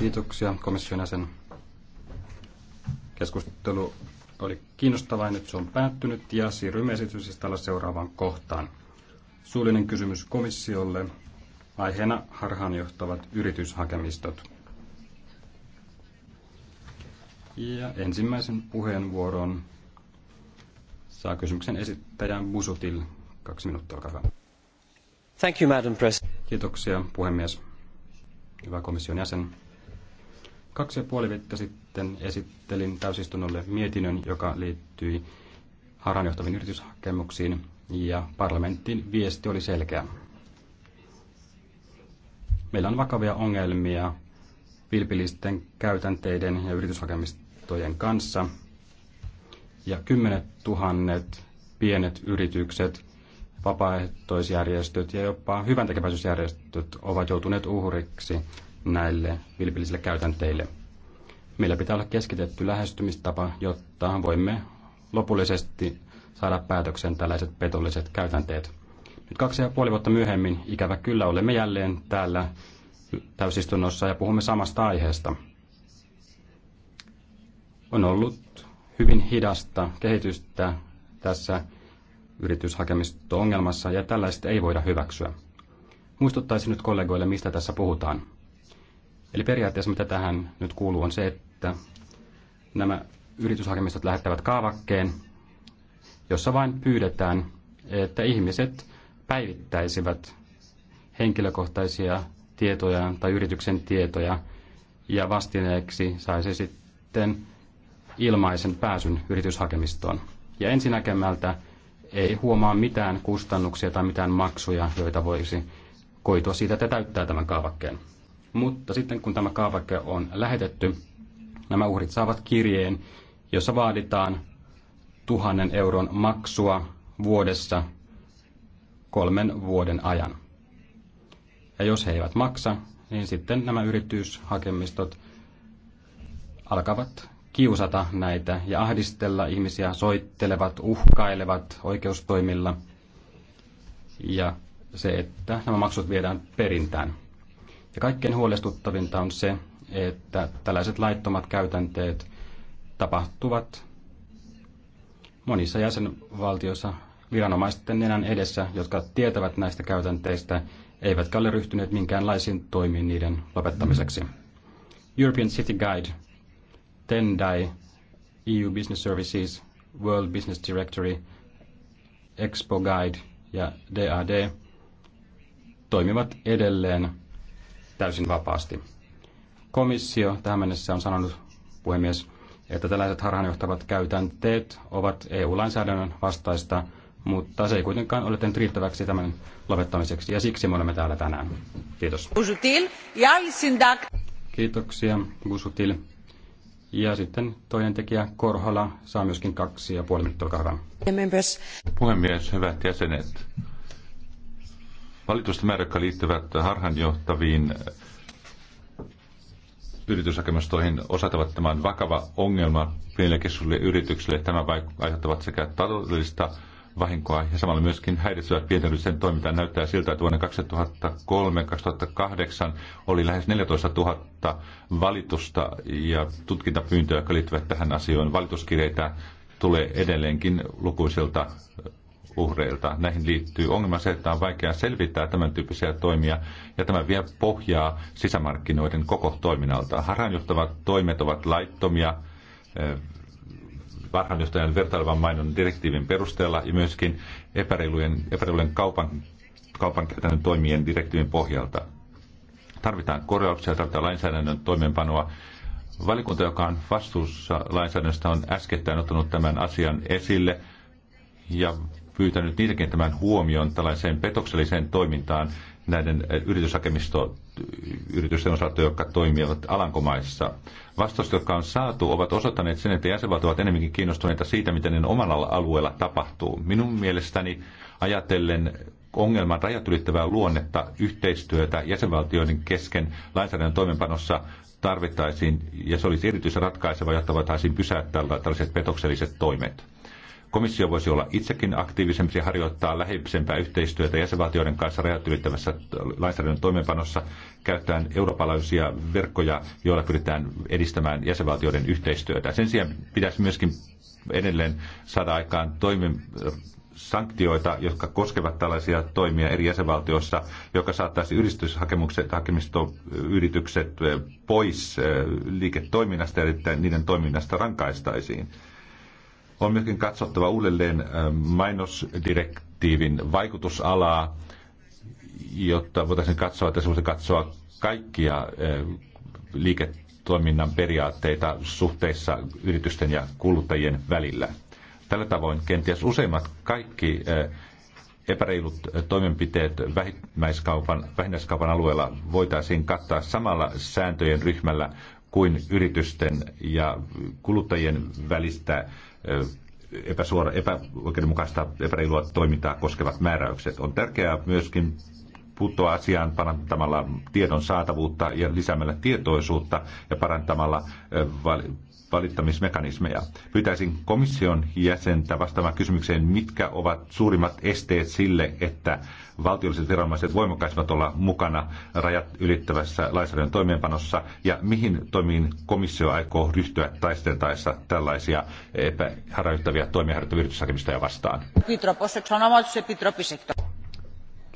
Kiitoksia komission jäsen. Keskustelu oli kiinnostava ja nyt se on päättynyt ja siirrymme esityslistalla seuraavaan kohtaan. Suullinen kysymys komissiolle. Aiheena harhaanjohtavat yrityshakemistot. Ja ensimmäisen puheenvuoron saa kysymyksen esittäjän Busutil. Kaksi minuuttia, olkaa hyvä. Thank you, Madam President. Kiitoksia, puhemies hyvä komission jäsen. Kaksi ja puoli viikkoa sitten esittelin täysistunnolle mietinnön, joka liittyi haranjohtaviin yrityshakemuksiin, ja parlamentin viesti oli selkeä. Meillä on vakavia ongelmia vilpillisten käytänteiden ja yrityshakemistojen kanssa, ja kymmenet tuhannet pienet yritykset vapaaehtoisjärjestöt ja jopa hyväntekeväisyysjärjestöt ovat joutuneet uhriksi näille vilpillisille käytänteille. Meillä pitää olla keskitetty lähestymistapa, jotta voimme lopullisesti saada päätöksen tällaiset petolliset käytänteet. Nyt kaksi ja puoli vuotta myöhemmin, ikävä kyllä, olemme jälleen täällä täysistunnossa ja puhumme samasta aiheesta. On ollut hyvin hidasta kehitystä tässä yrityshakemisto ongelmassa ja tällaista ei voida hyväksyä. Muistuttaisin nyt kollegoille, mistä tässä puhutaan. Eli periaatteessa mitä tähän nyt kuuluu on se, että nämä yrityshakemistot lähettävät kaavakkeen, jossa vain pyydetään, että ihmiset päivittäisivät henkilökohtaisia tietoja tai yrityksen tietoja ja vastineeksi saisi sitten ilmaisen pääsyn yrityshakemistoon. Ja ensinnäkemältä ei huomaa mitään kustannuksia tai mitään maksuja, joita voisi koitua siitä, että täyttää tämän kaavakkeen. Mutta sitten kun tämä kaavake on lähetetty, nämä uhrit saavat kirjeen, jossa vaaditaan tuhannen euron maksua vuodessa kolmen vuoden ajan. Ja jos he eivät maksa, niin sitten nämä yrityshakemistot alkavat kiusata näitä ja ahdistella ihmisiä, soittelevat, uhkailevat oikeustoimilla ja se, että nämä maksut viedään perintään. Ja kaikkein huolestuttavinta on se, että tällaiset laittomat käytänteet tapahtuvat monissa jäsenvaltioissa viranomaisten nenän edessä, jotka tietävät näistä käytänteistä, eivätkä ole ryhtyneet minkäänlaisiin toimiin niiden lopettamiseksi. European City Guide Tendai, EU Business Services, World Business Directory, Expo Guide ja DAD toimivat edelleen täysin vapaasti. Komissio tähän mennessä on sanonut, puhemies, että tällaiset harhaanjohtavat käytänteet ovat EU-lainsäädännön vastaista, mutta se ei kuitenkaan ole tehnyt riittäväksi tämän lopettamiseksi, ja siksi me olemme täällä tänään. Kiitos. Kiitoksia, Busutil. Ja sitten toinen tekijä, Korhola, saa myöskin kaksi ja puoli minuuttia, olkaa hyvä. Puhemies, hyvät jäsenet. Valitusten määrä, jotka liittyvät harhanjohtaviin äh, yrityshakemustoihin, osatavat tämän vakava ongelma pienille yrityksille. Tämä aiheuttavat sekä taloudellista vahinkoa ja samalla myöskin häiritsevät pienten toimintaa. Näyttää siltä, että vuonna 2003-2008 oli lähes 14 000 valitusta ja tutkintapyyntöjä, jotka liittyvät tähän asioon. Valituskirjeitä tulee edelleenkin lukuisilta uhreilta. Näihin liittyy ongelma se, että on vaikea selvittää tämän tyyppisiä toimia, ja tämä vie pohjaa sisämarkkinoiden koko toiminnalta. Harhaanjohtavat toimet ovat laittomia, eh, varhainjohtajan vertailevan mainon direktiivin perusteella ja myöskin epäreilujen, epäreilujen kaupan, kaupan käytännön toimien direktiivin pohjalta. Tarvitaan korjauksia, tarvitaan lainsäädännön toimeenpanoa. Valikunta, joka on vastuussa lainsäädännöstä, on äskettäin ottanut tämän asian esille ja pyytänyt niitäkin tämän huomioon tällaiseen petokselliseen toimintaan, näiden eh, yritysten osalta, jotka toimivat Alankomaissa. Vastaukset, jotka on saatu, ovat osoittaneet sen, että jäsenvaltiot ovat enemmänkin kiinnostuneita siitä, mitä niiden omalla alueella tapahtuu. Minun mielestäni ajatellen ongelman rajat ylittävää luonnetta, yhteistyötä jäsenvaltioiden kesken lainsäädännön toimenpanossa tarvittaisiin, ja se olisi erityisen ratkaiseva, jotta voitaisiin pysäyttää tällaiset petokselliset toimet. Komissio voisi olla itsekin aktiivisempi ja harjoittaa läheisempää yhteistyötä jäsenvaltioiden kanssa rajat ylittävässä lainsäädännön toimeenpanossa käyttäen eurooppalaisia verkkoja, joilla pyritään edistämään jäsenvaltioiden yhteistyötä. Sen sijaan pitäisi myöskin edelleen saada aikaan toimen, sanktioita, jotka koskevat tällaisia toimia eri jäsenvaltioissa, joka saattaisi yrityshakemukset, hakemistoyritykset eh, pois eh, liiketoiminnasta ja niiden toiminnasta rankaistaisiin. On myöskin katsottava uudelleen äh, mainosdirektiivin vaikutusalaa, jotta voitaisiin katsoa, että se katsoa kaikkia äh, liiketoiminnan periaatteita suhteissa yritysten ja kuluttajien välillä. Tällä tavoin kenties useimmat kaikki äh, epäreilut toimenpiteet vähinnäiskaupan alueella voitaisiin kattaa samalla sääntöjen ryhmällä kuin yritysten ja kuluttajien välistä epäsuora, epäoikeudenmukaista, epäreilua toimintaa koskevat määräykset. On tärkeää myöskin puuttua asiaan parantamalla tiedon saatavuutta ja lisäämällä tietoisuutta ja parantamalla valittamismekanismeja. Pyytäisin komission jäsentä vastaamaan kysymykseen, mitkä ovat suurimmat esteet sille, että valtiolliset viranomaiset voimakkaisivat olla mukana rajat ylittävässä lainsäädännön toimeenpanossa ja mihin toimiin komissio aikoo ryhtyä taisteltaessa tällaisia epäharjoittavia toimia harjoittavia vastaan.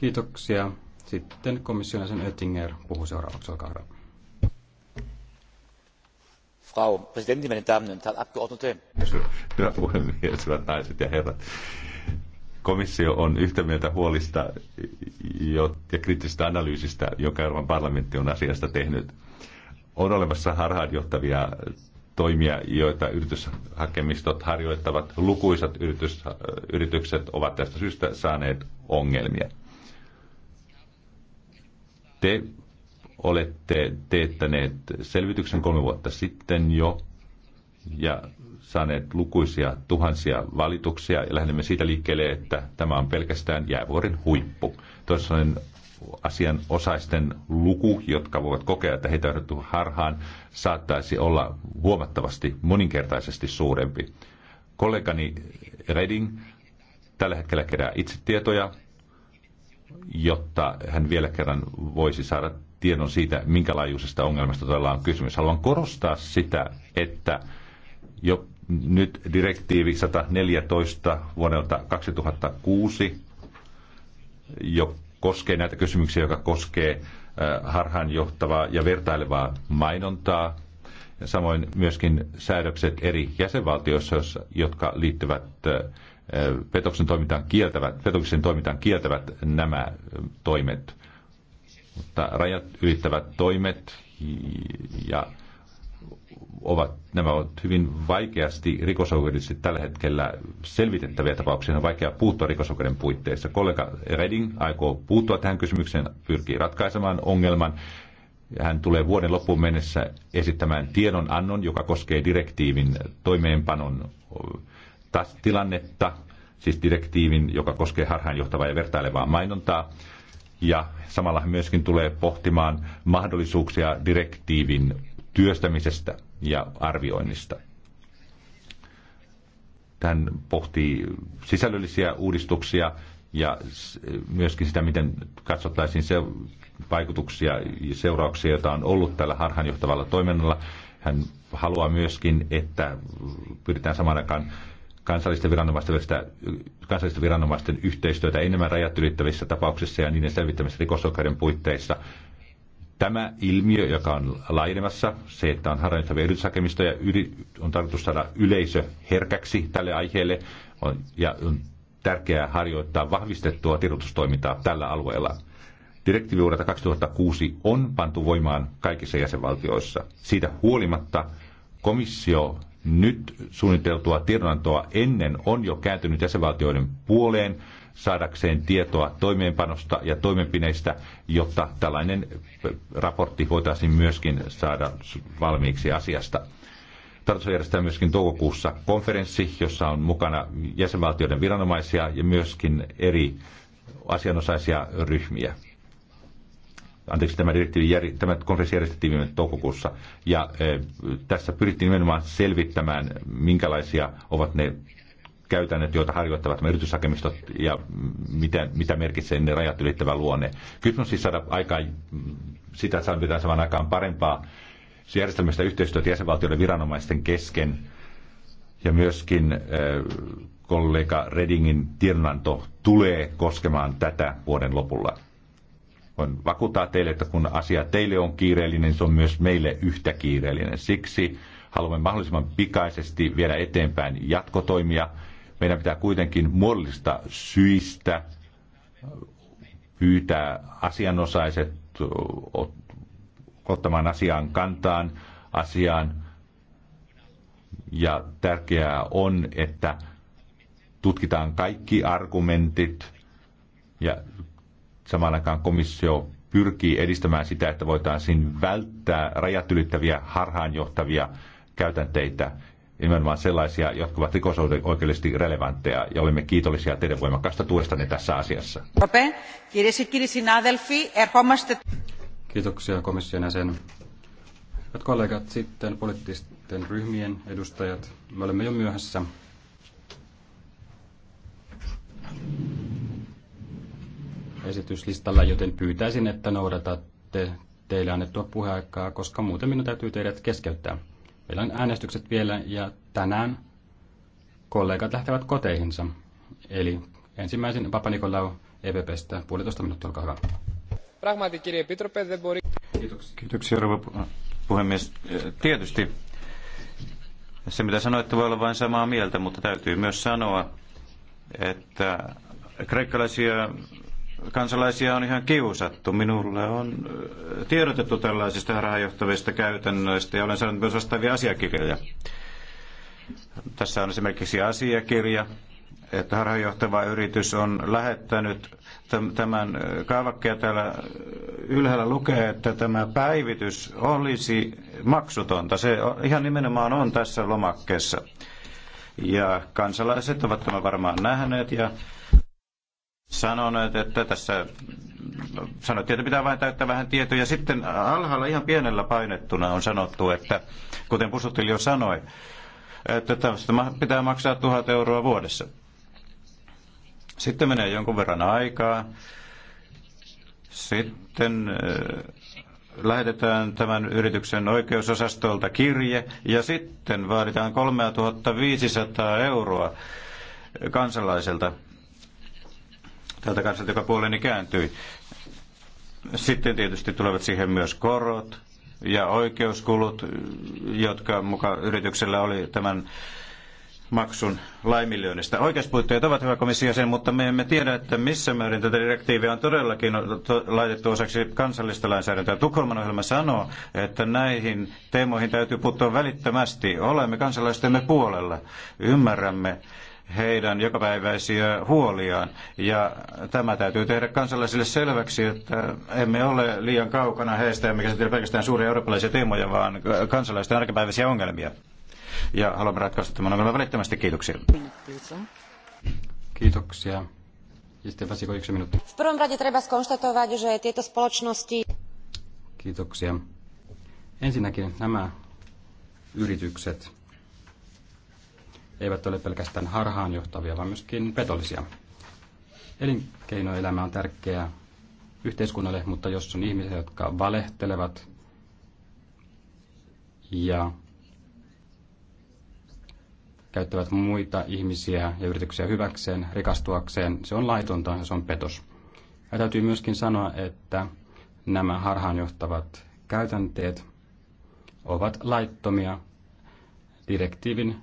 Kiitoksia. Sitten komission jäsen Oettinger puhuu seuraavaksi, olkaa hyvä. Frau Präsidentin, meine Damen und Herren Abgeordnete. Hyvä puhemies, hyvät naiset ja herrat. Komissio on yhtä mieltä huolista ja kriittisestä analyysistä, jonka Euroopan parlamentti on asiasta tehnyt. On olemassa harhaanjohtavia toimia, joita yrityshakemistot harjoittavat. Lukuisat yritys, yritykset ovat tästä syystä saaneet ongelmia. Te olette teettäneet selvityksen kolme vuotta sitten jo ja saaneet lukuisia tuhansia valituksia ja lähdemme siitä liikkeelle, että tämä on pelkästään jäävuoren huippu. Tuossa on asianosaisten luku, jotka voivat kokea, että heitä on harhaan, saattaisi olla huomattavasti moninkertaisesti suurempi. Kollegani Redding tällä hetkellä kerää itse tietoja, jotta hän vielä kerran voisi saada tiedon siitä, minkä laajuisesta ongelmasta todella on kysymys. Haluan korostaa sitä, että jo nyt direktiivi 114 vuodelta 2006 jo koskee näitä kysymyksiä, joka koskee äh, harhaanjohtavaa ja vertailevaa mainontaa. Ja samoin myöskin säädökset eri jäsenvaltioissa, jotka liittyvät äh, petoksen toimintaan kieltävät, petoksen toimintaan kieltävät nämä äh, toimet mutta rajat ylittävät toimet ja ovat, nämä ovat hyvin vaikeasti rikosoikeudellisesti tällä hetkellä selvitettäviä tapauksia. On vaikea puuttua rikosoikeuden puitteissa. Kollega Reding aikoo puuttua tähän kysymykseen, pyrkii ratkaisemaan ongelman. Hän tulee vuoden loppuun mennessä esittämään tiedonannon, joka koskee direktiivin toimeenpanon tilannetta, siis direktiivin, joka koskee harhaanjohtavaa ja vertailevaa mainontaa ja samalla hän myöskin tulee pohtimaan mahdollisuuksia direktiivin työstämisestä ja arvioinnista. Hän pohtii sisällöllisiä uudistuksia ja myöskin sitä, miten katsottaisiin se vaikutuksia ja seurauksia, joita on ollut tällä harhaanjohtavalla toiminnalla. Hän haluaa myöskin, että pyritään samaan aikaan kansallisten viranomaisten, kansallisten viranomaisten yhteistyötä enemmän rajat ylittävissä tapauksissa ja niiden selvittämistä rikosoikeuden puitteissa. Tämä ilmiö, joka on laajenemassa, se, että on harjoittavia yrityshakemistoja, on tarkoitus saada yleisö herkäksi tälle aiheelle, on, ja on tärkeää harjoittaa vahvistettua tiedotustoimintaa tällä alueella. Direktiivi vuodelta 2006 on pantu voimaan kaikissa jäsenvaltioissa. Siitä huolimatta komissio nyt suunniteltua tiedonantoa ennen on jo kääntynyt jäsenvaltioiden puoleen saadakseen tietoa toimeenpanosta ja toimenpineistä, jotta tällainen raportti voitaisiin myöskin saada valmiiksi asiasta. Tarkoitus järjestää myöskin toukokuussa konferenssi, jossa on mukana jäsenvaltioiden viranomaisia ja myöskin eri asianosaisia ryhmiä anteeksi, tämä, tämä konferenssi järjestettiin viime toukokuussa, ja e, tässä pyrittiin nimenomaan selvittämään, minkälaisia ovat ne käytännöt, joita harjoittavat yrityshakemistot ja mitä, mitä merkitsee ne rajat ylittävä luonne. Kysymys on siis saada aikaa, sitä saadaan saman aikaan parempaa järjestelmästä yhteistyötä jäsenvaltioiden viranomaisten kesken ja myöskin e, kollega Redingin tiedonanto tulee koskemaan tätä vuoden lopulla. Voin vakuuttaa teille, että kun asia teille on kiireellinen, niin se on myös meille yhtä kiireellinen. Siksi haluamme mahdollisimman pikaisesti viedä eteenpäin jatkotoimia. Meidän pitää kuitenkin muodollista syistä pyytää asianosaiset ottamaan asiaan kantaan, asiaan. Ja tärkeää on, että tutkitaan kaikki argumentit ja Samaan aikaan komissio pyrkii edistämään sitä, että voitaisiin välttää rajat ylittäviä harhaanjohtavia käytänteitä, nimenomaan sellaisia, jotka ovat rikosoikeudellisesti relevantteja, ja olemme kiitollisia teidän voimakkaasta tuestanne tässä asiassa. Kiitoksia komission jäsen. Hyvät kollegat, sitten poliittisten ryhmien edustajat. Me olemme jo myöhässä esityslistalla, joten pyytäisin, että noudatatte teille annettua puheaikaa, koska muuten minun täytyy teidät keskeyttää. Meillä on äänestykset vielä ja tänään kollegat lähtevät koteihinsa. Eli ensimmäisen Papa Nikolau EPPstä puolitoista minuuttia, olkaa hyvä. Kiitoksia. Kiitoksia, rouva puhemies. Tietysti se, mitä sanoitte, voi olla vain samaa mieltä, mutta täytyy myös sanoa, että kreikkalaisia kansalaisia on ihan kiusattu. Minulle on äh, tiedotettu tällaisista harhaanjohtavista käytännöistä ja olen saanut myös vastaavia asiakirjoja. Tässä on esimerkiksi asiakirja, että harhaanjohtava yritys on lähettänyt tämän äh, kaavakkeen täällä äh, ylhäällä lukee, että tämä päivitys olisi maksutonta. Se ihan nimenomaan on tässä lomakkeessa. Ja kansalaiset ovat tämän varmaan nähneet ja sanoneet, että tässä sanottiin, että pitää vain täyttää vähän tietoja. Sitten alhaalla ihan pienellä painettuna on sanottu, että kuten Pusutil jo sanoi, että tästä pitää maksaa tuhat euroa vuodessa. Sitten menee jonkun verran aikaa. Sitten äh, lähetetään tämän yrityksen oikeusosastolta kirje ja sitten vaaditaan 3500 euroa kansalaiselta tältä kansalta, joka puoleeni kääntyi. Sitten tietysti tulevat siihen myös korot ja oikeuskulut, jotka mukaan yrityksellä oli tämän maksun laiminlyönnistä. Oikeuspuitteet ovat hyvä komissio sen, mutta me emme tiedä, että missä määrin tätä direktiiviä on todellakin laitettu osaksi kansallista lainsäädäntöä. Tukholman ohjelma sanoo, että näihin teemoihin täytyy puuttua välittömästi. Olemme kansalaistemme puolella. Ymmärrämme heidän jokapäiväisiä huoliaan. Ja tämä täytyy tehdä kansalaisille selväksi, että emme ole liian kaukana heistä, emmekä käsitellä pelkästään suuria eurooppalaisia teemoja, vaan kansalaisten arkipäiväisiä ongelmia. Ja haluamme ratkaista tämän ongelman välittömästi. Kiitoksia. Kiitoksia. V prvom rade treba skonštatovať, že tieto spoločnosti... Kiitoksia. Ensinnäkin nämä yritykset eivät ole pelkästään harhaanjohtavia, vaan myöskin petollisia. Elinkeinoelämä on tärkeää yhteiskunnalle, mutta jos on ihmisiä, jotka valehtelevat ja käyttävät muita ihmisiä ja yrityksiä hyväkseen, rikastuakseen, se on laitonta ja se on petos. Ja täytyy myöskin sanoa, että nämä harhaanjohtavat käytänteet ovat laittomia direktiivin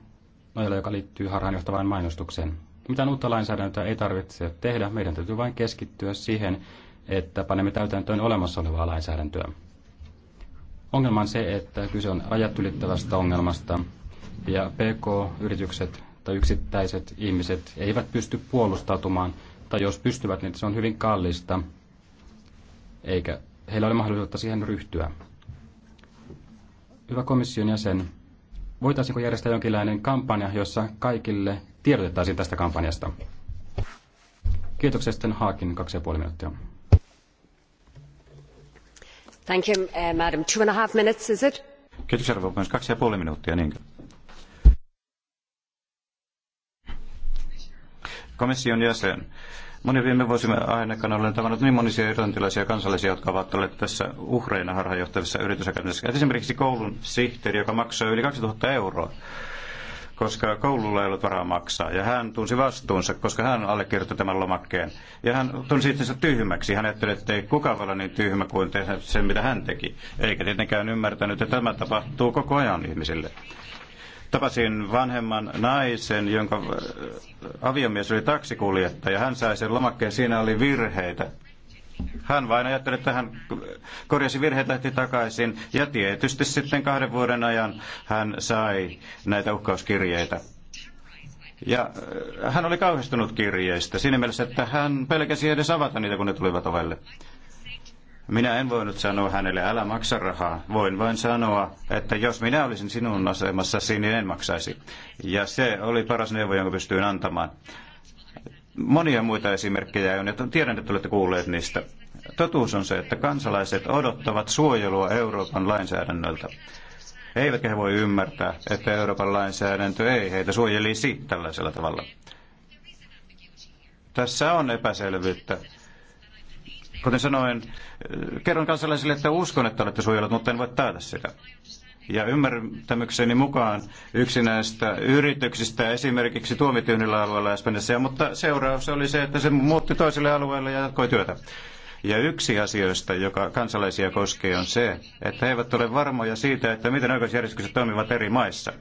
nojalla, joka liittyy harhaanjohtavaan mainostukseen. Mitään uutta lainsäädäntöä ei tarvitse tehdä, meidän täytyy vain keskittyä siihen, että panemme täytäntöön olemassa olevaa lainsäädäntöä. Ongelma on se, että kyse on rajat ylittävästä ongelmasta, ja PK-yritykset tai yksittäiset ihmiset eivät pysty puolustautumaan, tai jos pystyvät, niin se on hyvin kallista, eikä heillä ole mahdollisuutta siihen ryhtyä. Hyvä komission jäsen, voitaisiinko järjestää jonkinlainen kampanja, jossa kaikille tiedotettaisiin tästä kampanjasta? Kiitoksia sitten Haakin, kaksi ja puoli minuuttia. Thank you, eh, madam. Two and a half minutes, is it? Kiitos, arvo, myös kaksi ja puoli minuuttia, niinkö? Komission jäsen, Moni viime vuosina aikana olen tavannut niin monisia irlantilaisia kansalaisia, jotka ovat olleet tässä uhreina harhaanjohtavissa yritysakatemiassa. Esimerkiksi koulun sihteeri, joka maksoi yli 2000 euroa koska koululla ei ollut varaa maksaa. Ja hän tunsi vastuunsa, koska hän allekirjoitti tämän lomakkeen. Ja hän tunsi itsensä tyhmäksi. Hän ajatteli, että ei kukaan voi olla niin tyhmä kuin tehdä sen, mitä hän teki. Eikä tietenkään ymmärtänyt, että tämä tapahtuu koko ajan ihmisille. Tapasin vanhemman naisen, jonka äh, aviomies oli taksikuljettaja. Hän sai sen lomakkeen, siinä oli virheitä. Hän vain ajatteli, että hän korjasi virheet, lähti takaisin ja tietysti sitten kahden vuoden ajan hän sai näitä uhkauskirjeitä. Ja äh, hän oli kauhistunut kirjeistä siinä mielessä, että hän pelkäsi edes avata niitä, kun ne tulivat ovelle. Minä en voinut sanoa hänelle, älä maksa rahaa. Voin vain sanoa, että jos minä olisin sinun asemassasi, niin en maksaisi. Ja se oli paras neuvo, jonka pystyin antamaan. Monia muita esimerkkejä on, ja tiedän, että olette kuulleet niistä. Totuus on se, että kansalaiset odottavat suojelua Euroopan lainsäädännöltä. Eivätkä he voi ymmärtää, että Euroopan lainsäädäntö ei heitä suojelisi tällaisella tavalla. Tässä on epäselvyyttä. Kuten sanoin, kerron kansalaisille, että uskon, että olette suojelut, mutta en voi taata sitä. Ja ymmärtämykseni mukaan yksi näistä yrityksistä esimerkiksi tuomityynnillä alueella Espanjassa, mutta seuraus oli se, että se muutti toiselle alueelle ja jatkoi työtä. Ja yksi asioista, joka kansalaisia koskee, on se, että he eivät ole varmoja siitä, että miten oikeusjärjestykset toimivat eri maissa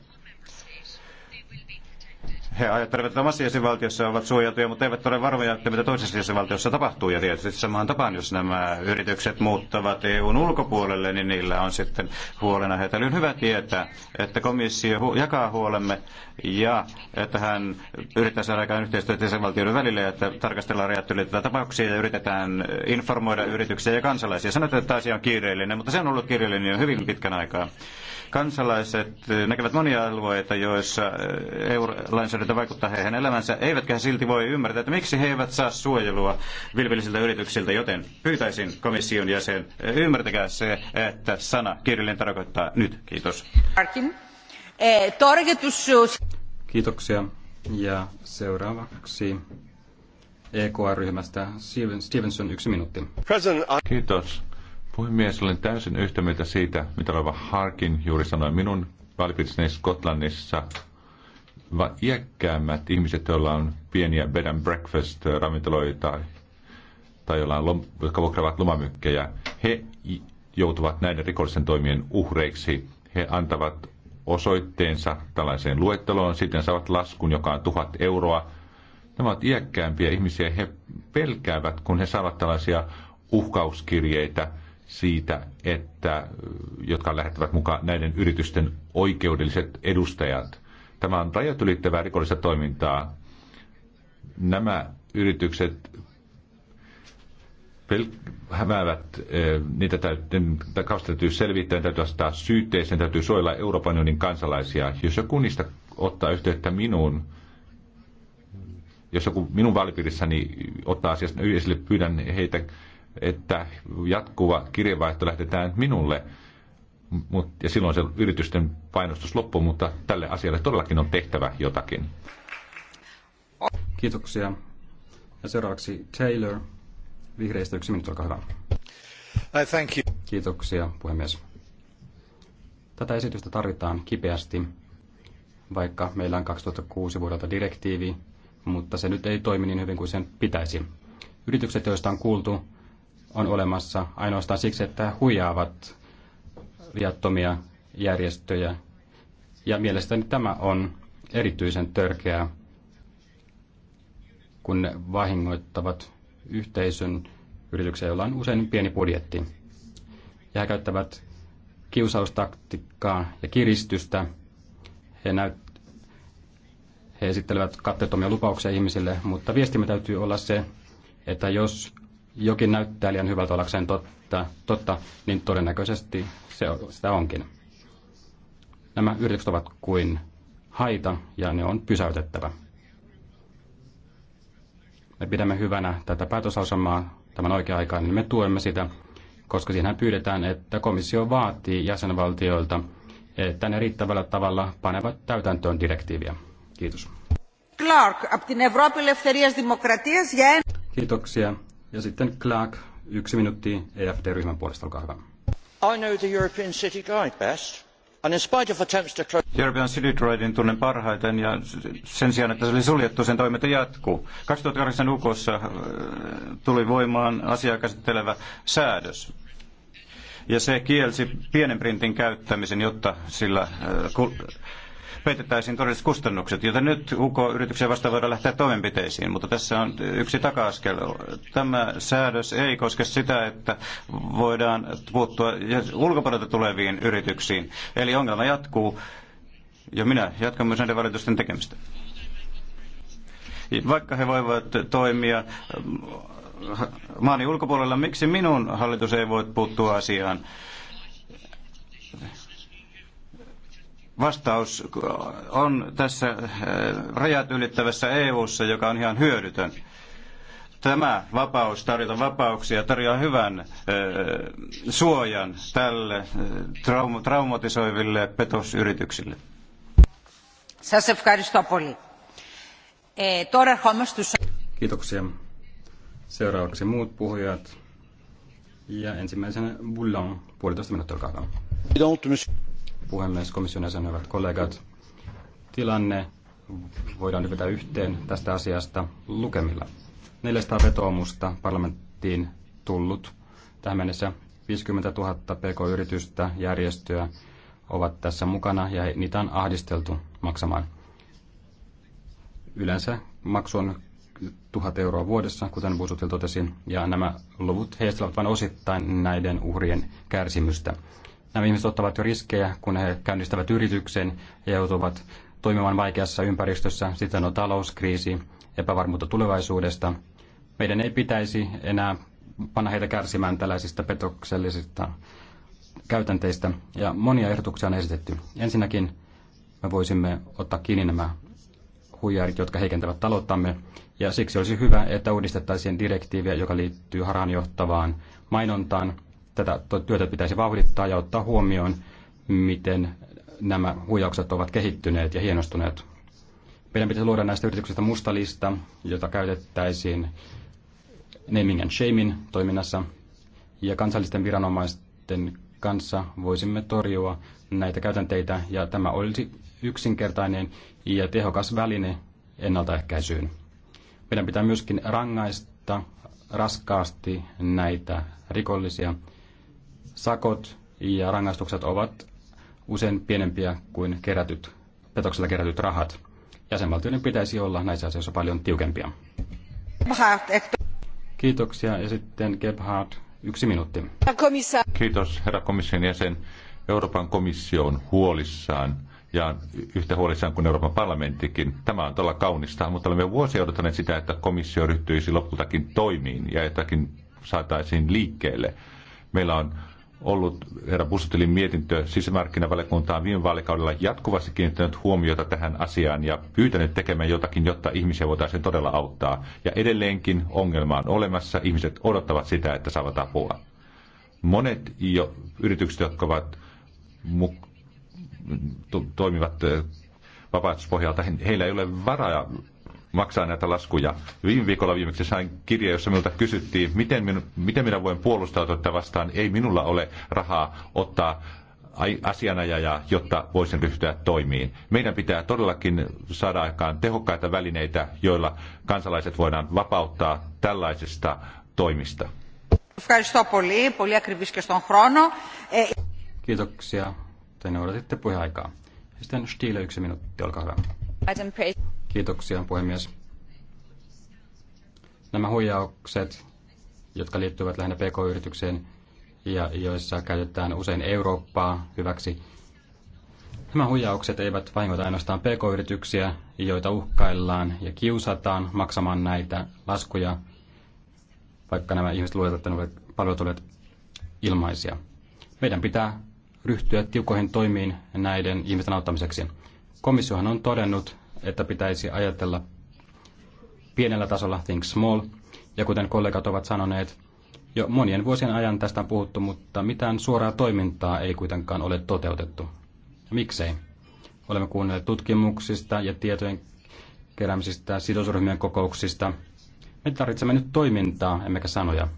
he ajattelevat, että omassa jäsenvaltiossa ovat suojeltuja, mutta eivät ole varmoja, että mitä toisessa jäsenvaltiossa tapahtuu. Ja tietysti samaan tapaan, jos nämä yritykset muuttavat EUn ulkopuolelle, niin niillä on sitten huolena heitä. Eli on hyvä tietää, että komissio jakaa huolemme ja että hän yrittää saada aikaan yhteistyötä jäsenvaltioiden välillä, että tarkastellaan rajat ylittäviä tapauksia ja yritetään informoida yrityksiä ja kansalaisia. Sanotaan, että asia on kiireellinen, mutta se on ollut kiireellinen jo hyvin pitkän aikaa. Kansalaiset näkevät monia alueita, joissa EU-lainsäädäntö myötä vaikuttaa heidän elämänsä, eivätkä he silti voi ymmärtää, että miksi he eivät saa suojelua vilpillisiltä yrityksiltä, joten pyytäisin komission jäsen, eh, ymmärtäkää se, että sana kirjallinen tarkoittaa nyt. Kiitos. Eh, Kiitoksia. Ja seuraavaksi EKR-ryhmästä Stevenson yksi minuutti. Kiitos. Puhemies, olen täysin yhtä mieltä siitä, mitä Rova Harkin juuri sanoi. Minun vaalipiirissäni Skotlannissa iäkkäämmät ihmiset, joilla on pieniä bed and breakfast ravintoloita tai joilla on lom, jotka vuokraavat lomamykkejä, he joutuvat näiden rikollisten toimien uhreiksi. He antavat osoitteensa tällaiseen luetteloon, sitten saavat laskun, joka on tuhat euroa. Nämä ovat iäkkäämpiä ihmisiä, he pelkäävät, kun he saavat tällaisia uhkauskirjeitä siitä, että, jotka lähettävät mukaan näiden yritysten oikeudelliset edustajat. Tämä on rajat ylittävää rikollista toimintaa. Nämä yritykset pel- hämäävät, eh, niitä täytyy, täytyy selvittää, niitä täytyy astaa syytteeseen, täytyy suojella Euroopan unionin kansalaisia. Jos joku niistä ottaa yhteyttä minuun, jos joku minun vaalipiirissäni ottaa asiasta yhdessä, pyydän heitä, että jatkuva kirjeenvaihto lähetetään minulle ja silloin se yritysten painostus loppuu, mutta tälle asialle todellakin on tehtävä jotakin. Kiitoksia. Ja seuraavaksi Taylor, vihreistä yksi minuutti, olkaa hyvä. I thank you. Kiitoksia, puhemies. Tätä esitystä tarvitaan kipeästi, vaikka meillä on 2006 vuodelta direktiivi, mutta se nyt ei toimi niin hyvin kuin sen pitäisi. Yritykset, joista on kuultu, on olemassa ainoastaan siksi, että huijaavat viattomia järjestöjä. Ja mielestäni tämä on erityisen törkeää, kun ne vahingoittavat yhteisön yrityksiä, joilla on usein pieni budjetti. Ja he käyttävät kiusaustaktiikkaa ja kiristystä. He, näyt- he esittelevät katteettomia lupauksia ihmisille, mutta viestimme täytyy olla se, että jos jokin näyttää liian hyvältä ollakseen totta, totta niin todennäköisesti se, on, sitä onkin. Nämä yritykset ovat kuin haita ja ne on pysäytettävä. Me pidämme hyvänä tätä päätösausamaa tämän oikea-aikaan, niin me tuemme sitä, koska siinä pyydetään, että komissio vaatii jäsenvaltioilta, että ne riittävällä tavalla panevat täytäntöön direktiiviä. Kiitos. Clark, από την Ευρώπη Ελευθερίας Δημοκρατίας για... Kiitoksia. Ja sitten Clark, yksi minuutti eft ryhmän puolesta, olkaa hyvä. I know the European City Guide best. And in spite of attempts to close... European City Guidein tunnen parhaiten ja sen sijaan, että se oli suljettu, sen toiminta jatkuu. 2008 UKssa tuli voimaan asiaa käsittelevä säädös. Ja se kielsi pienen printin käyttämisen, jotta sillä äh, peitettäisiin todelliset kustannukset, joten nyt UK-yrityksiä vastaan voidaan lähteä toimenpiteisiin, mutta tässä on yksi taka-askel. Tämä säädös ei koske sitä, että voidaan puuttua ulkopuolelta tuleviin yrityksiin, eli ongelma jatkuu ja minä jatkan myös näiden valitusten tekemistä. Vaikka he voivat toimia ähm, maani ulkopuolella, miksi minun hallitus ei voi puuttua asiaan? vastaus on tässä eh, rajat ylittävässä EU:ssa, joka on ihan hyödytön. Tämä vapaus tarjota vapauksia tarjoaa hyvän eh, suojan tälle eh, traumatisoiville petosyrityksille. Kiitoksia. Seuraavaksi muut puhujat. Ja ensimmäisenä Boulan, puolitoista minuuttia, olkaa hyvä puhemies, komission jäsen, hyvät kollegat. Tilanne voidaan vetää yhteen tästä asiasta lukemilla. 400 vetoomusta parlamenttiin tullut tähän mennessä 50 000 pk-yritystä, järjestöä ovat tässä mukana ja niitä on ahdisteltu maksamaan. Yleensä maksu on 1000 euroa vuodessa, kuten Busutil totesi, ja nämä luvut heistävät vain osittain näiden uhrien kärsimystä. Nämä ihmiset ottavat jo riskejä, kun he käynnistävät yrityksen ja joutuvat toimimaan vaikeassa ympäristössä. Sitten on talouskriisi, epävarmuutta tulevaisuudesta. Meidän ei pitäisi enää panna heitä kärsimään tällaisista petoksellisista käytänteistä. Ja monia ehdotuksia on esitetty. Ensinnäkin me voisimme ottaa kiinni nämä huijarit, jotka heikentävät talouttamme. Ja siksi olisi hyvä, että uudistettaisiin direktiiviä, joka liittyy harhaanjohtavaan mainontaan tätä työtä pitäisi vauhdittaa ja ottaa huomioon, miten nämä huijaukset ovat kehittyneet ja hienostuneet. Meidän pitäisi luoda näistä yrityksistä musta lista, jota käytettäisiin naming and shamin toiminnassa ja kansallisten viranomaisten kanssa voisimme torjua näitä käytänteitä ja tämä olisi yksinkertainen ja tehokas väline ennaltaehkäisyyn. Meidän pitää myöskin rangaista raskaasti näitä rikollisia sakot ja rangaistukset ovat usein pienempiä kuin kerätyt, petoksella kerätyt rahat. Jäsenvaltioiden pitäisi olla näissä asioissa paljon tiukempia. Kiitoksia ja sitten Gebhard, yksi minuutti. Kiitos herra komission jäsen. Euroopan komissio on huolissaan ja yhtä huolissaan kuin Euroopan parlamenttikin. Tämä on todella kaunista, mutta olemme vuosia odottaneet sitä, että komissio ryhtyisi lopultakin toimiin ja jotakin saataisiin liikkeelle. Meillä on ollut herra Bussutilin mietintö sisämarkkinavaliokuntaan viime vaalikaudella jatkuvasti kiinnittänyt huomiota tähän asiaan ja pyytänyt tekemään jotakin, jotta ihmisiä voitaisiin todella auttaa. Ja edelleenkin ongelma on olemassa. Ihmiset odottavat sitä, että saavat apua. Monet jo yritykset, jotka ovat mu- to- toimivat eh, vapaaehtoispohjalta, heillä ei ole varaa maksaa näitä laskuja. Viime viikolla viimeksi sain kirje, jossa minulta kysyttiin, miten, minu, miten minä voin puolustautua tätä tuota vastaan. Ei minulla ole rahaa ottaa asianajajaa, jotta voisin ryhtyä toimiin. Meidän pitää todellakin saada aikaan tehokkaita välineitä, joilla kansalaiset voidaan vapauttaa tällaisista toimista. Kiitoksia. Te noudatitte puheaikaa. Sitten Stiile yksi minuutti, olkaa hyvä. Kiitoksia, puhemies. Nämä huijaukset, jotka liittyvät lähinnä pk-yritykseen ja joissa käytetään usein Eurooppaa hyväksi, Nämä huijaukset eivät vahingoita ainoastaan pk-yrityksiä, joita uhkaillaan ja kiusataan maksamaan näitä laskuja, vaikka nämä ihmiset luulevat, että ne palvelut olivat ilmaisia. Meidän pitää ryhtyä tiukoihin toimiin näiden ihmisten auttamiseksi. Komissiohan on todennut, että pitäisi ajatella pienellä tasolla think small. Ja kuten kollegat ovat sanoneet, jo monien vuosien ajan tästä on puhuttu, mutta mitään suoraa toimintaa ei kuitenkaan ole toteutettu. Miksei? Olemme kuunnelleet tutkimuksista ja tietojen keräämisistä, sidosryhmien kokouksista. Me tarvitsemme nyt toimintaa, emmekä sanoja.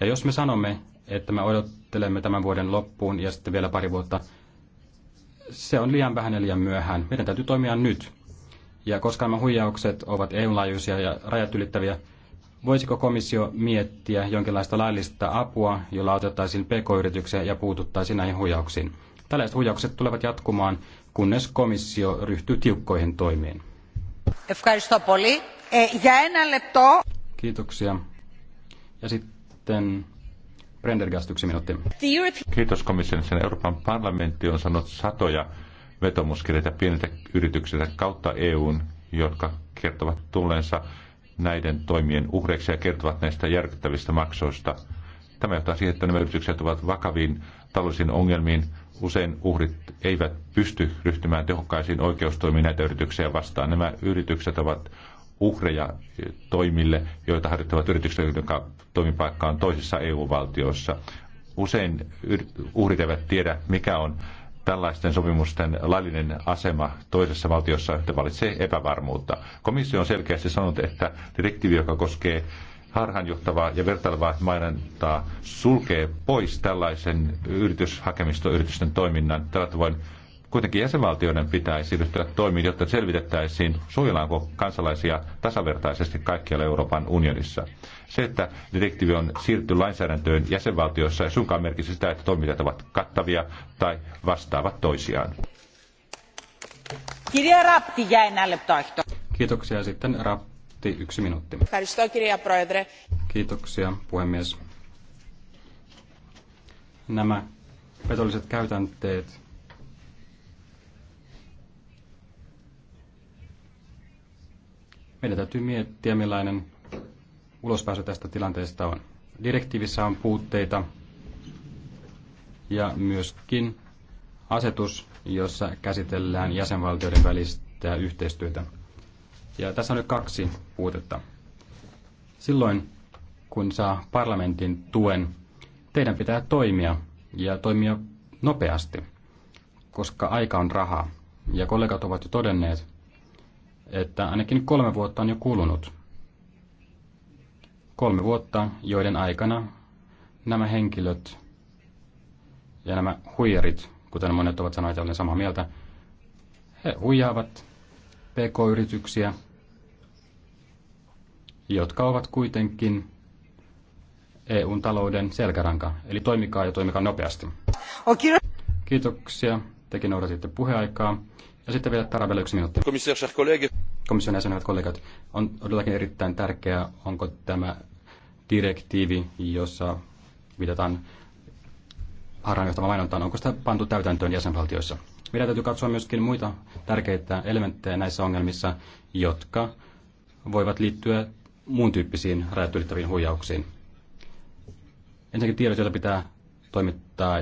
Ja jos me sanomme, että me odottelemme tämän vuoden loppuun ja sitten vielä pari vuotta, se on liian vähän ja liian myöhään. Meidän täytyy toimia nyt. Ja koska nämä huijaukset ovat EU-laajuisia ja rajat ylittäviä, voisiko komissio miettiä jonkinlaista laillista apua, jolla autettaisiin pk-yrityksiä ja puututtaisiin näihin huijauksiin? Tällaiset huijaukset tulevat jatkumaan, kunnes komissio ryhtyy tiukkoihin toimiin. Kiitoksia. Ja sitten Prendergast yksi minuutti. Kiitos komission. Euroopan parlamentti on sanonut satoja vetomuskeleita pieniltä yrityksiltä kautta EUn, jotka kertovat tulleensa näiden toimien uhreiksi ja kertovat näistä järkyttävistä maksoista. Tämä johtaa siihen, että nämä yritykset ovat vakaviin taloudellisiin ongelmiin. Usein uhrit eivät pysty ryhtymään tehokkaisiin oikeustoimiin näitä yrityksiä vastaan. Nämä yritykset ovat uhreja toimille, joita harjoittavat yritykset, jotka toimipaikka on toisissa EU-valtioissa. Usein uhrit eivät tiedä, mikä on tällaisten sopimusten laillinen asema toisessa valtiossa valitsee epävarmuutta. Komissio on selkeästi sanonut, että direktiivi, joka koskee harhaanjohtavaa ja vertailevaa mainontaa, sulkee pois tällaisen yrityshakemistoyritysten toiminnan. Tällä tavoin Kuitenkin jäsenvaltioiden pitäisi ryhtyä toimiin, jotta selvitettäisiin, suojellaanko kansalaisia tasavertaisesti kaikkialla Euroopan unionissa. Se, että direktiivi on siirtynyt lainsäädäntöön jäsenvaltioissa, ei suinkaan merkitse sitä, että toimijat ovat kattavia tai vastaavat toisiaan. Kirja Kiitoksia. Sitten Rapti, yksi minuutti. Kiitoksia, puhemies. Nämä petolliset käytänteet Meidän täytyy miettiä, millainen ulospääsy tästä tilanteesta on. Direktiivissä on puutteita ja myöskin asetus, jossa käsitellään jäsenvaltioiden välistä yhteistyötä. Ja tässä on nyt kaksi puutetta. Silloin, kun saa parlamentin tuen, teidän pitää toimia ja toimia nopeasti, koska aika on rahaa. Ja kollegat ovat jo todenneet, että ainakin kolme vuotta on jo kulunut. Kolme vuotta, joiden aikana nämä henkilöt ja nämä huijarit, kuten monet ovat sanoneet, olen samaa mieltä, he huijaavat pk-yrityksiä, jotka ovat kuitenkin EUn talouden selkäranka. Eli toimikaa ja toimikaa nopeasti. Kiitoksia. Tekin noudatitte puheaikaa. Ja sitten vielä Tarabella yksi minuutti. Komission jäsenet kollegat, on todellakin erittäin tärkeää, onko tämä direktiivi, jossa viitataan harhaanjohtava mainontaan, onko sitä pantu täytäntöön jäsenvaltioissa. Meidän täytyy katsoa myöskin muita tärkeitä elementtejä näissä ongelmissa, jotka voivat liittyä muun tyyppisiin rajat ylittäviin huijauksiin. Ensinnäkin tiedot, joita pitää toimittaa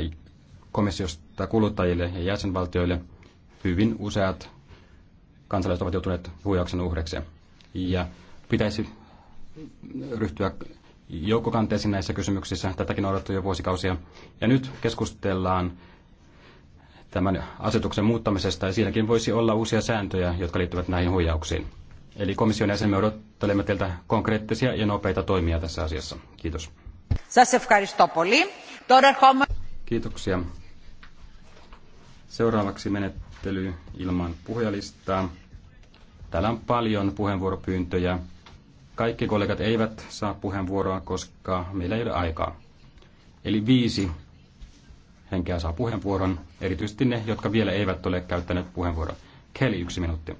komissiosta kuluttajille ja jäsenvaltioille – hyvin useat kansalaiset ovat joutuneet huijauksen uhreiksi. Ja pitäisi ryhtyä joukkokanteisiin näissä kysymyksissä. Tätäkin on odotettu jo vuosikausia. Ja nyt keskustellaan tämän asetuksen muuttamisesta, ja siinäkin voisi olla uusia sääntöjä, jotka liittyvät näihin huijauksiin. Eli komission jäsen, me odottelemme teiltä konkreettisia ja nopeita toimia tässä asiassa. Kiitos. Kiitoksia. Seuraavaksi menet menettely ilman puhujalistaa. Täällä on paljon puheenvuoropyyntöjä. Kaikki kollegat eivät saa puheenvuoroa, koska meillä ei ole aikaa. Eli viisi henkeä saa puheenvuoron, erityisesti ne, jotka vielä eivät ole käyttäneet puheenvuoroa. Kelly, yksi minuutti.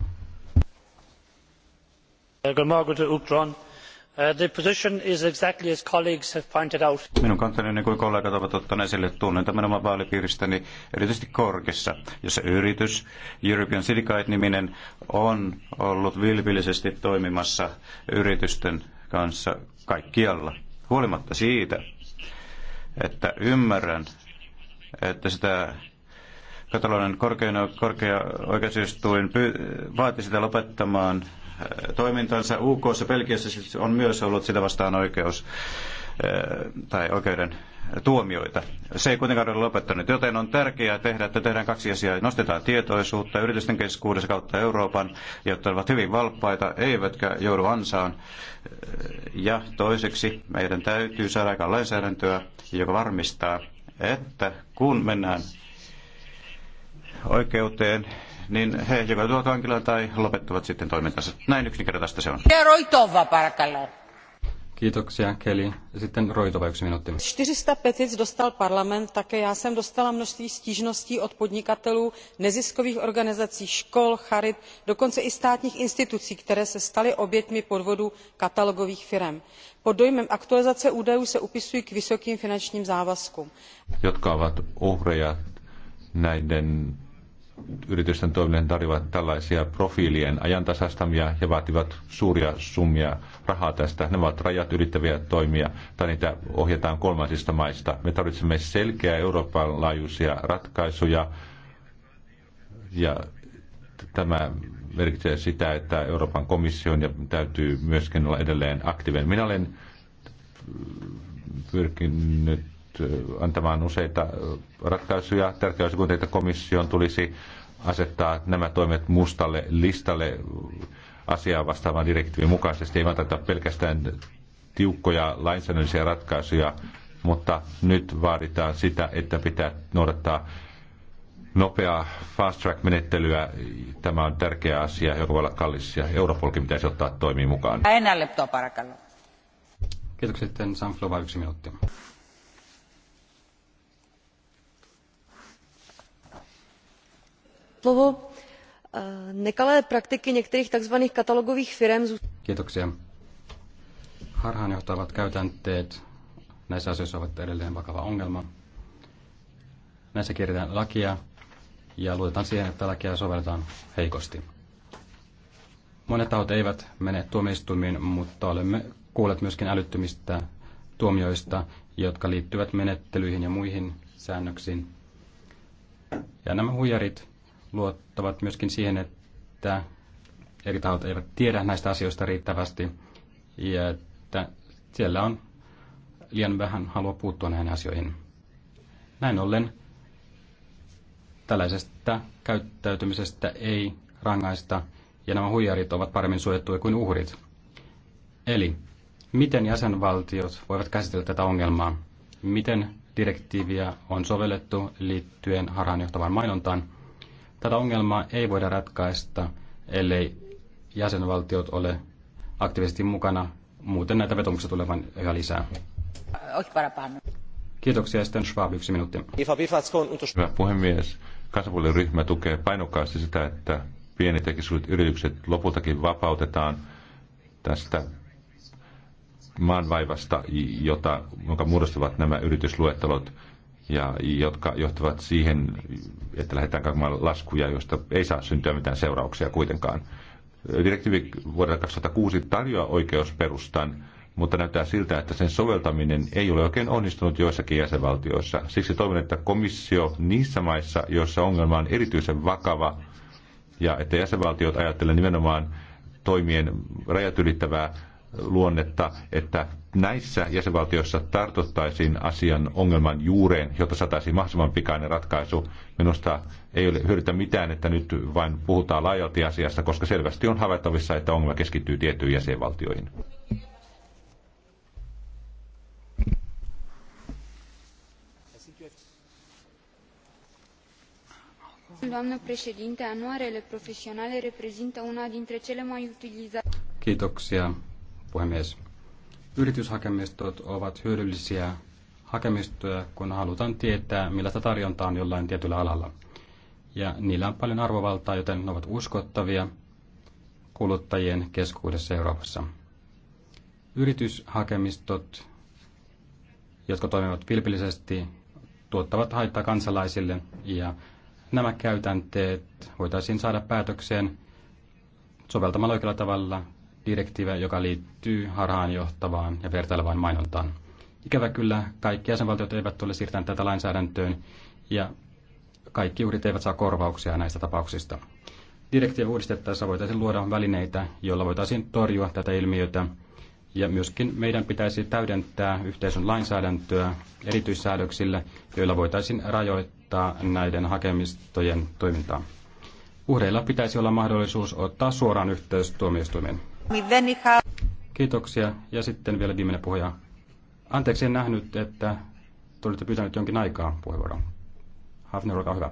Uh, the position is exactly as colleagues have pointed out. Minun kantani, niin kuin kollegat ovat ottaneet esille, tunnen tämän oman vaalipiiristäni erityisesti Korkissa, jossa yritys European City Guide-niminen on ollut vilpillisesti toimimassa yritysten kanssa kaikkialla. Huolimatta siitä, että ymmärrän, että sitä Katalonian korkein, korkea oikeusistuin vaati sitä lopettamaan toimintansa. UK Belgiassa siis on myös ollut sitä vastaan oikeus eh, tai oikeuden tuomioita. Se ei kuitenkaan ole lopettanut, joten on tärkeää tehdä, että tehdään kaksi asiaa. Nostetaan tietoisuutta yritysten keskuudessa kautta Euroopan, jotta ovat hyvin valppaita, eivätkä joudu ansaan. Eh, ja toiseksi meidän täytyy saada aikaan lainsäädäntöä, joka varmistaa, että kun mennään oikeuteen niin he joutuvat vankilaan tai lopettavat sitten toimintansa. Näin yksinkertaista se on. Ja Roitova, parakalo. Kiitoksia, Keli. Sitten Roitova yksi minuutti. 400 petic dostal parlament, také já jsem dostala množství stížností od podnikatelů, neziskových organizací, škol, charit, dokonce i státních institucí, které se staly oběťmi podvodu katalogových firm. Pod dojmem aktualizace údajů se upisují k vysokým finančním závazkům. Jotka ovat uhreja näiden yritysten toiminnan tarjoavat tällaisia profiilien ajantasastamia ja vaativat suuria summia rahaa tästä. Ne ovat rajat ylittäviä toimia tai niitä ohjataan kolmansista maista. Me tarvitsemme selkeää Euroopan laajuisia ratkaisuja ja tämä merkitsee sitä, että Euroopan komission ja täytyy myöskin olla edelleen aktiivinen. Minä olen pyrkinyt antamaan useita ratkaisuja. Tärkeää olisi kuitenkin, että komission tulisi asettaa nämä toimet mustalle listalle asiaa vastaavan direktiivin mukaisesti. Ei vaan pelkästään tiukkoja lainsäädännöllisiä ratkaisuja, mutta nyt vaaditaan sitä, että pitää noudattaa nopeaa fast track menettelyä. Tämä on tärkeä asia, joka voi olla kallis ja Europolkin pitäisi ottaa toimiin mukaan. Enää leptoa parakalla. Kiitoksia sitten Sanflova yksi minuutti. Eh, nekalé praktiky některých tzv. katalogových firm... Kiitoksia. Harhaanjohtavat käytänteet näissä asioissa ovat edelleen vakava ongelma. Näissä kirjataan lakia ja luotetaan siihen, että lakia sovelletaan heikosti. Monet tahot eivät mene tuomioistuimiin, mutta olemme kuulleet myöskin älyttömistä tuomioista, jotka liittyvät menettelyihin ja muihin säännöksiin. Ja nämä huijarit luottavat myöskin siihen, että eri tahot eivät tiedä näistä asioista riittävästi ja että siellä on liian vähän halua puuttua näihin asioihin. Näin ollen tällaisesta käyttäytymisestä ei rangaista ja nämä huijarit ovat paremmin suojattuja kuin uhrit. Eli miten jäsenvaltiot voivat käsitellä tätä ongelmaa? Miten direktiiviä on sovellettu liittyen harhaanjohtavaan mainontaan? Tätä ongelmaa ei voida ratkaista, ellei jäsenvaltiot ole aktiivisesti mukana. Muuten näitä vetomuksia tulee vain yhä lisää. Kiitoksia. Sitten Schwab, yksi minuutti. Hyvä puhemies. Kansapuolinen ryhmä tukee painokkaasti sitä, että pienet ja yritykset lopultakin vapautetaan tästä maanvaivasta, jota, jonka muodostavat nämä yritysluettelot ja jotka johtavat siihen, että lähdetään kaikkemaan laskuja, joista ei saa syntyä mitään seurauksia kuitenkaan. Direktiivi vuodelta 2006 tarjoaa oikeusperustan, mutta näyttää siltä, että sen soveltaminen ei ole oikein onnistunut joissakin jäsenvaltioissa. Siksi toivon, että komissio niissä maissa, joissa ongelma on erityisen vakava, ja että jäsenvaltiot ajattelevat nimenomaan toimien rajat ylittävää luonnetta, että näissä jäsenvaltioissa tartuttaisiin asian ongelman juureen, jotta saataisiin mahdollisimman pikainen ratkaisu. Minusta ei ole hyödytä mitään, että nyt vain puhutaan laajalti asiasta, koska selvästi on havaittavissa, että ongelma keskittyy tiettyihin jäsenvaltioihin. anuarele profesionale reprezintă una dintre cele mai utilizate. Kiitoksia puhemies. Yrityshakemistot ovat hyödyllisiä hakemistoja, kun halutaan tietää, millaista tarjontaa on jollain tietyllä alalla. Ja niillä on paljon arvovaltaa, joten ne ovat uskottavia kuluttajien keskuudessa Euroopassa. Yrityshakemistot, jotka toimivat vilpillisesti, tuottavat haittaa kansalaisille ja nämä käytänteet voitaisiin saada päätökseen soveltamalla oikealla tavalla direktiivejä, joka liittyy harhaanjohtavaan ja vertailevaan mainontaan. Ikävä kyllä kaikki jäsenvaltiot eivät ole siirtäneet tätä lainsäädäntöön ja kaikki uhrit eivät saa korvauksia näistä tapauksista. Direktiivi uudistettaessa voitaisiin luoda välineitä, joilla voitaisiin torjua tätä ilmiötä ja myöskin meidän pitäisi täydentää yhteisön lainsäädäntöä erityissäädöksillä, joilla voitaisiin rajoittaa näiden hakemistojen toimintaa. Uhreilla pitäisi olla mahdollisuus ottaa suoraan yhteys tuomioistuimeen. Kiitoksia. Ja sitten vielä viimeinen puhuja. Anteeksi, en nähnyt, että tulitte pyytänyt jonkin aikaa puheenvuoron. Hafner, olkaa hyvä.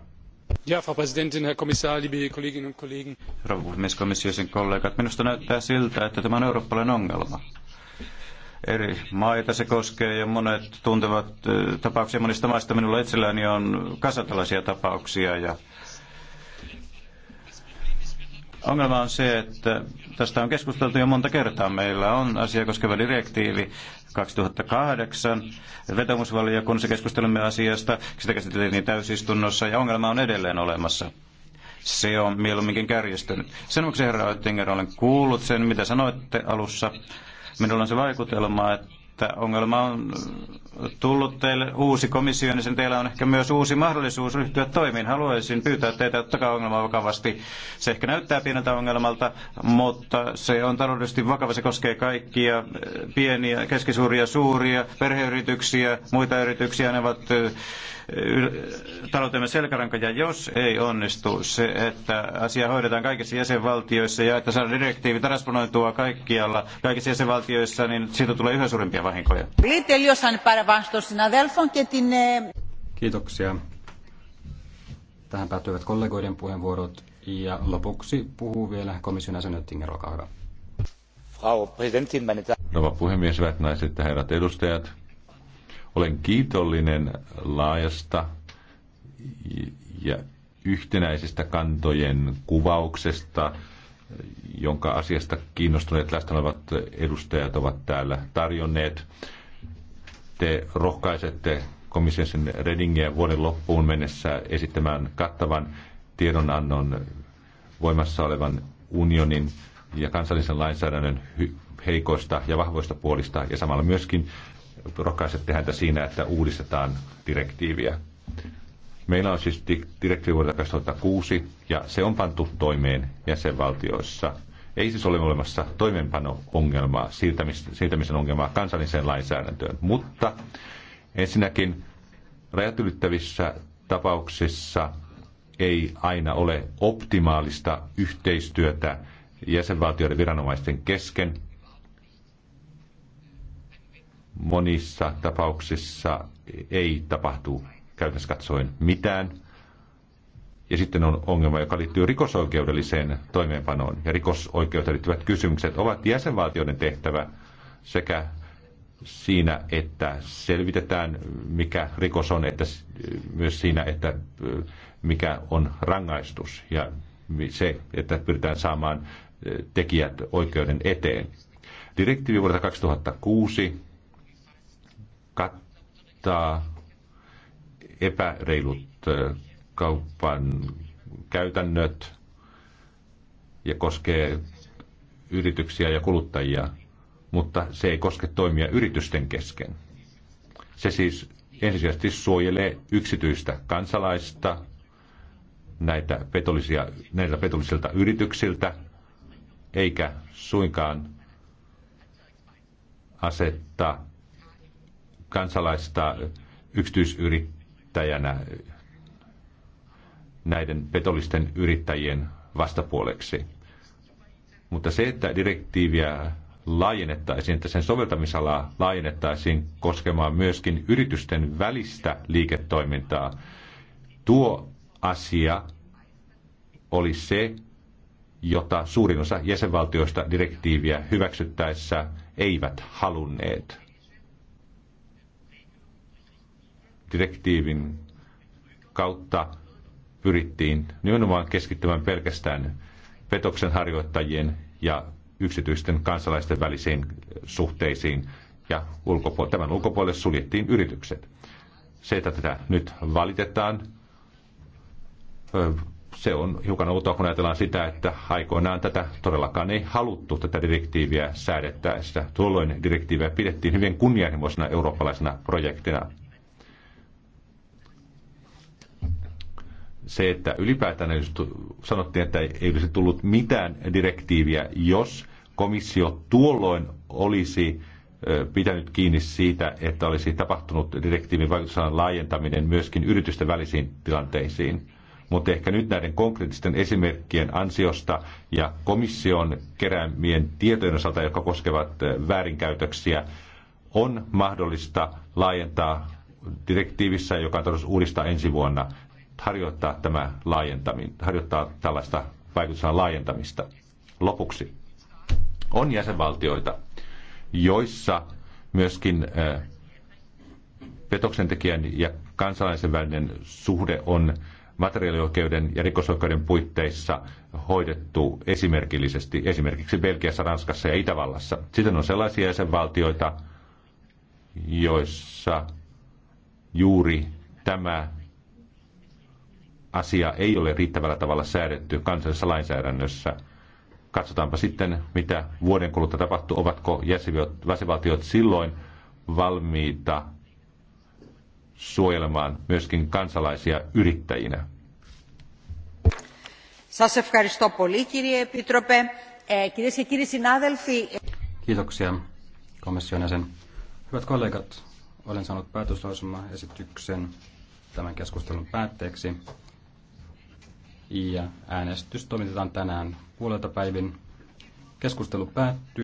Ja, Frau Präsidentin, Herr Kommissar, liebe Kolleginnen und Kollegen. Rouva puhemies, komissiosin kollegat, minusta näyttää siltä, että tämä on eurooppalainen ongelma eri maita se koskee ja monet tuntevat äh, tapauksia monista maista. Minulla itselläni on kasatalaisia tapauksia ja Ongelma on se, että tästä on keskusteltu jo monta kertaa. Meillä on asia koskeva direktiivi 2008. Vetomusvaliokunnassa keskustelimme asiasta, sitä käsiteltiin niin täysistunnossa ja ongelma on edelleen olemassa. Se on mieluumminkin kärjistynyt. Sen vuoksi, herra Oettinger, olen kuullut sen, mitä sanoitte alussa. Minulla on se vaikutelma, että että ongelma on tullut teille uusi komissio, niin sen teillä on ehkä myös uusi mahdollisuus ryhtyä toimiin. Haluaisin pyytää teitä, ottakaa ongelma vakavasti. Se ehkä näyttää pieneltä ongelmalta, mutta se on taloudellisesti vakava. Se koskee kaikkia pieniä, keskisuuria, suuria, perheyrityksiä, muita yrityksiä. Ne ovat taloutemme selkäranka, ja jos ei onnistu se, että asia hoidetaan kaikissa jäsenvaltioissa ja että saadaan direktiivi transponoitua kaikkialla, kaikissa jäsenvaltioissa, niin siitä tulee yhä suurempia vahinkoja. Kiitoksia. Tähän päättyvät kollegoiden puheenvuorot ja lopuksi puhuu vielä komission jäsen Oettinger, olkaa hyvä. Rouva puhemies, hyvät naiset ja herrat edustajat. Olen kiitollinen laajasta ja yhtenäisestä kantojen kuvauksesta jonka asiasta kiinnostuneet läsnä olevat edustajat ovat täällä tarjonneet. Te rohkaisette komission sen Redingiä vuoden loppuun mennessä esittämään kattavan tiedonannon voimassa olevan unionin ja kansallisen lainsäädännön heikoista ja vahvoista puolista ja samalla myöskin rohkaisette häntä siinä, että uudistetaan direktiiviä. Meillä on siis direktiivi vuodelta 2006 ja se on pantu toimeen jäsenvaltioissa. Ei siis ole olemassa toimeenpano-ongelmaa, siirtämisen ongelmaa kansalliseen lainsäädäntöön, mutta ensinnäkin rajat ylittävissä tapauksissa ei aina ole optimaalista yhteistyötä jäsenvaltioiden viranomaisten kesken. Monissa tapauksissa ei tapahtu käytännössä katsoen mitään. Ja sitten on ongelma, joka liittyy rikosoikeudelliseen toimeenpanoon. Ja rikosoikeuteen liittyvät kysymykset ovat jäsenvaltioiden tehtävä sekä siinä, että selvitetään, mikä rikos on, että myös siinä, että mikä on rangaistus ja se, että pyritään saamaan tekijät oikeuden eteen. Direktiivi vuodelta 2006 kattaa epäreilut äh, kaupan käytännöt ja koskee yrityksiä ja kuluttajia, mutta se ei koske toimia yritysten kesken. Se siis ensisijaisesti suojelee yksityistä kansalaista näitä petollisia, näiltä petollisilta yrityksiltä, eikä suinkaan asetta kansalaista yksityisyrittäjää yrittäjänä näiden petollisten yrittäjien vastapuoleksi. Mutta se, että direktiiviä laajennettaisiin, että sen soveltamisalaa laajennettaisiin koskemaan myöskin yritysten välistä liiketoimintaa, tuo asia oli se, jota suurin osa jäsenvaltioista direktiiviä hyväksyttäessä eivät halunneet. direktiivin kautta pyrittiin nimenomaan keskittymään pelkästään petoksen harjoittajien ja yksityisten kansalaisten välisiin suhteisiin ja ulkopuolelle, tämän ulkopuolelle suljettiin yritykset. Se, että tätä nyt valitetaan, se on hiukan outoa, kun ajatellaan sitä, että aikoinaan tätä todellakaan ei haluttu tätä direktiiviä säädettäessä. Tuolloin direktiiviä pidettiin hyvin kunnianhimoisena eurooppalaisena projektina. se, että ylipäätään sanottiin, että ei olisi tullut mitään direktiiviä, jos komissio tuolloin olisi pitänyt kiinni siitä, että olisi tapahtunut direktiivin vaikutusalan laajentaminen myöskin yritysten välisiin tilanteisiin. Mutta ehkä nyt näiden konkreettisten esimerkkien ansiosta ja komission keräämien tietojen osalta, jotka koskevat väärinkäytöksiä, on mahdollista laajentaa direktiivissä, joka on tarkoitus uudistaa ensi vuonna harjoittaa tämä laajentaminen, harjoittaa tällaista vaikutusalan laajentamista. Lopuksi on jäsenvaltioita, joissa myöskin petoksentekijän ja kansalaisen välinen suhde on materiaalioikeuden ja rikosoikeuden puitteissa hoidettu esimerkillisesti, esimerkiksi Belgiassa, Ranskassa ja Itävallassa. Sitten on sellaisia jäsenvaltioita, joissa juuri tämä asia ei ole riittävällä tavalla säädetty kansallisessa lainsäädännössä. Katsotaanpa sitten, mitä vuoden kuluttua tapahtuu. Ovatko jäsenvaltiot silloin valmiita suojelemaan myöskin kansalaisia yrittäjinä? Σας ευχαριστώ πολύ κύριε Επίτροπε. κυρίες και κύριοι συνάδελφοι... Kiitoksia komission jäsen. Hyvät kollegat, olen saanut päätöslausumaesityksen tämän keskustelun päätteeksi ja äänestys toimitetaan tänään puolelta päivin. Keskustelu päättyy.